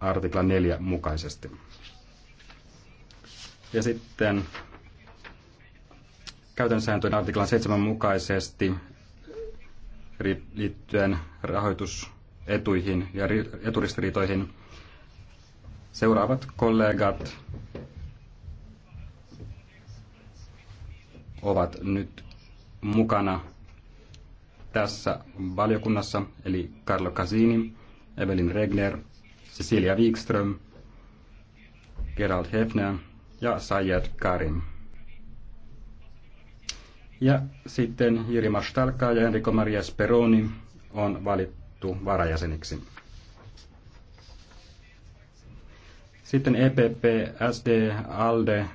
artikla 4 mukaisesti. Ja sitten käytön sääntöjen artiklan 7 mukaisesti liittyen rahoitusetuihin ja eturistiriitoihin seuraavat kollegat ovat nyt mukana tässä valiokunnassa, eli Carlo Casini, Evelyn Regner, Cecilia Wikström, Gerald Hefner ja Sayed Karim. Ja sitten Jiri Mastalka ja Enrico Maria Speroni on valittu varajäseniksi. Sitten EPP, SD, ALDE,